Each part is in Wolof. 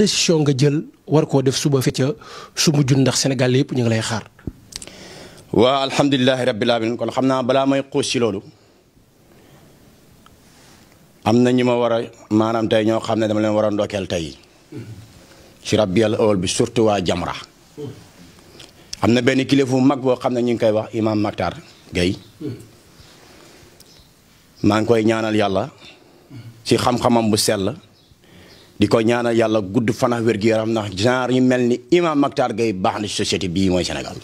décision nga jël war koo def suba fi ca su mujj ndax Sénégal yëpp ñu ngi lay xaar. waa alhamdulilah rabbil alamin kon xam naa balaa may xuus ci loolu am na ñi ma war a maanaam tey ñoo xam ne dama leen war a ndokkeel tey ci rabbiyal awal bi surtout waa Jamra. am na benn kilifu mag boo xam ne ñu ngi koy wax imam Maktar Gueye maa ngi koy ñaanal yàlla ci xam-xamam bu sell. di ko ñaanal yàlla gudd fanax wér gu yaram ndax genre ñu mel ni imam Mactar Gueye baax na ci société bii mooy Sénégal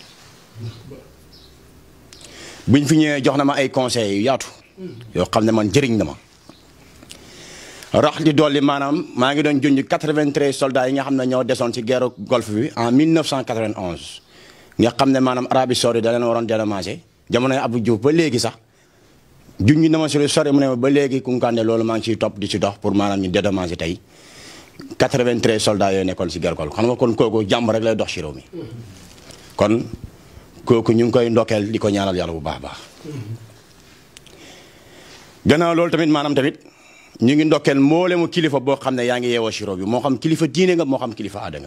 buñ fi ñëwee jox na ma ay conseils yu yaatu yoo xam ne man jëriñ na ma rax di dool dolli maanaam maa ngi doon junj 93 soldats yi nga xam ne ñoo desoon ci guerre golfe bi en 1991 xam ne maanaam Arabie Saoudite da leen waroon dédommagé jamonoy Abdou Diouf ba léegi sax junj na ma si lu sori mu ne ma ba léegi Kounkandé loolu maa ngi ciy topp di ci dox pour maanaam ñu dédommagé tey 93 soldats yooyu nekkoon si gerkol xam nga kon kooku jàmm rek lay dox si réew mi kon kooku ñu ngi koy ndokkeel di ko ñaanal yàlla bu baax baax gannaaw loolu tamit maanaam tamit ñu ngi ndokkeel mboolemu kilifa boo xam ne yaa ngi yeewoo si réew bi moo xam kilifa diine nga moo xam kilifa aada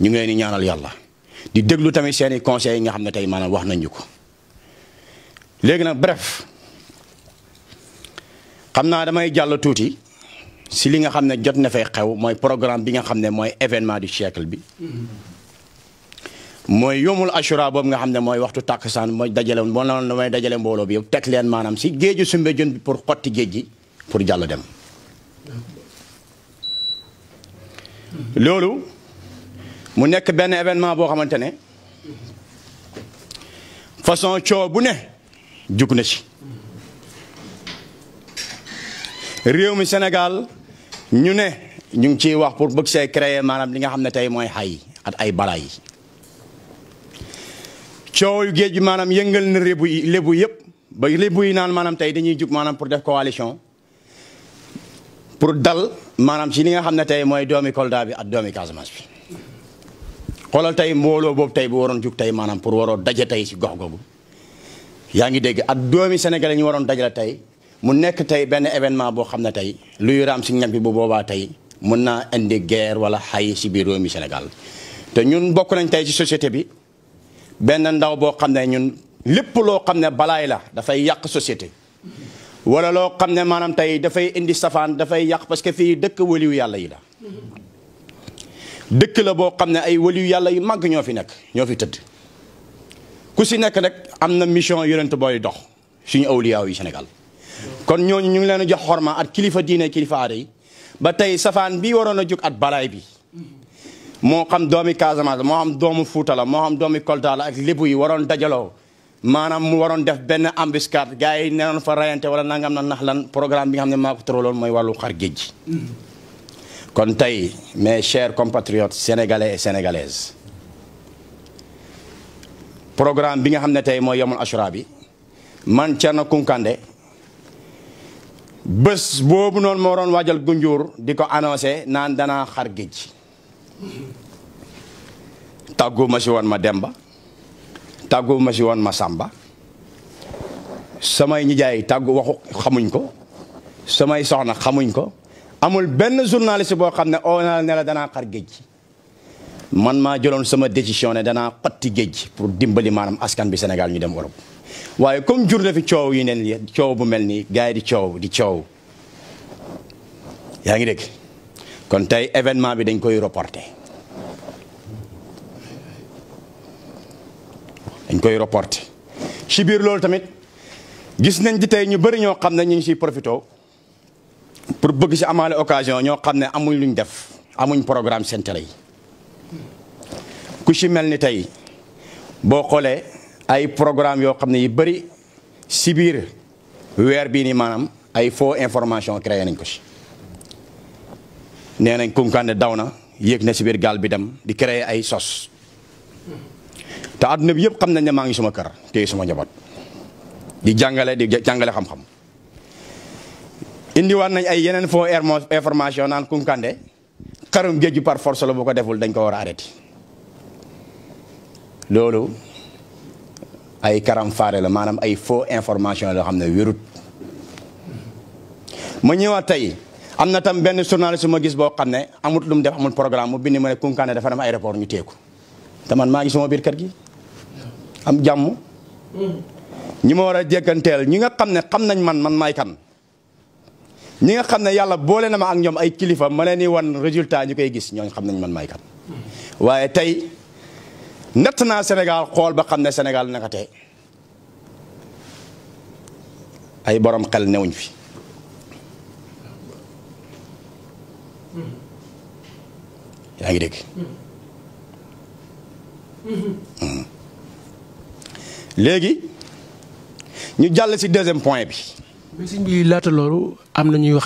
ñu ngi leen di ñaanal yàlla di déglu tamit seeni conseils yi nga xam ne tey maanaam wax nañu ko léegi nag bref xam naa damay jàll tuuti si li nga xam ne jot na fay xew mooy programme bi nga xam ne mooy événement du siècle bi mooy yomul assura boobu nga xam ne mooy waxtu tàkkusaan mooy dajale moo noonu mooy dajale mbooloo bi yow teg leen maanaam si géeju Soumbédioune bi pour xotti géej gi pour jàll dem loolu mu nekk benn événement boo xamante ne façon coow bu ne jug na ci réew mi Sénégal ñu ne ñu ngi ciy wax pour bëgg see créer maanaam li nga xam ne tey mooy xay at ay bala yi coow yu géej gi maanaam yëngal na lébu yi lébu yëpp ba lébu yi naan maanaam tey dañuy jug maanaam pour def coalition pour dal maanaam ci li nga xam ne tey mooy doomi Kolda bi ak doomi Casamance bi xoolal tey mbooloo boobu tey bu waroon jug tey maanaam pour waroon daje tey si gox googu yaa ngi dégg at doomi Sénégal yi ñu waroon dajale tey mu nekk tey benn événement boo xam ne tey luy raam si ñag bi bu boobaa tey mun naa indi guerre wala xay si biir réew mi Sénégal te ñun bokk nañ tey si société bi benn ndaw boo xam ne ñun lépp loo xam ne balaay la dafay yàq société wala loo xam ne maanaam tey dafay indi safaan dafay yàq parce que fii dëkk waliyu yàlla yi la dëkk la boo xam ne ay waliyu yàlla yu màgg ñoo fi nekk ñoo fi tëdd ku si nekk rek am na mission yonent booy dox suñu awliyaaw yi Sénégal kon ñooñu ñu ngi leen jox xorma at kilifa diine kilifa aada ba tey safaan bi waroon a jóg at balaay bi moo xam doomi Casamance moo xam doomu Fuuta moo xam doomi Kolda la ak yi waroon dajaloo maanaam mu waroon def benn embuscade gars yi nenoon fa rayante wala nangam na nax lan programme bi nga xam ne maa ko mooy wàllu xar géej gi kon tey mes chers compatriotes sénégalais et sénégalaises programme bi nga xam ne tey mooy yomul ashura bi man Thierno Kounkandé bës boobu noonu moo doon waajal gunjur di ko annoncé naan danaa xar géej tàggu ma si woon ma Demba tàggu ma si woon ma sàmba samay nijaay tàggu waxu xamuñ ko samay soxna xamuñ ko amul benn journaliste boo xam ne oo na ne danaa xar géej man maa jëloon sama décision ne danaa xotti géej pour dimbali maanaam askan bi Sénégal ñu dem Europe. waaye comme jur na fi coow yi neen li coow bu mel nii gars yi di coow di coow yaa ngi dégg kon tey événement bi dañ koy reporte dañ koy reporté ci biir loolu tamit gis nañ ci tey ñu bëri ñoo xam ne ñu ngi ciy profité pour bëgg ci amaale occasion ñoo xam ne amuñ luñ def amuñ programme seen télé yi ku ci mel ni tey boo xoolee ay programme yoo xam ne yi bari si biir weer bii ni maanaam ay faux information créé nañ ko si nee nañ Kounkandé daw na yéeg na si biir gaal bi dem di créé ay sos te adduna bi yëpp xam nañ ne maa ngi suma kër téye suma njaboot di jàngale di jàngale xam-xam indiwaat nañ ay yeneen faux information naan Kounkandé xarum géej gi par force la bu ko deful dañ ko war a arrêté loolu ay karam faare la maanaam ay faux information la xam ne wérut ma ñëwaat tey am na tam benn journaliste ma gis boo xam ne amut lu mu def amul programme mu bind ma ne Kounkané dafa dem aéroport ñu teeku te man maa ngi sama biir kër gi jàmm. ñi ma war a jékkanteel ñi nga xam ne xam nañ man man maay kan ñi nga xam ne yàlla boole na ma ak ñoom ay kilifa ma ne nii wan résultat ñu koy gis ñooñ xam nañ man maay kan waaye tey. natt naa Sénégal xool ba xam ne Sénégal naka tey ay boroom xel newuñ fi yaa ngi dégg hmm. léegi ñu jàll ci deuxième point bi. mais sëñ bi laata loolu am na ñuy wax.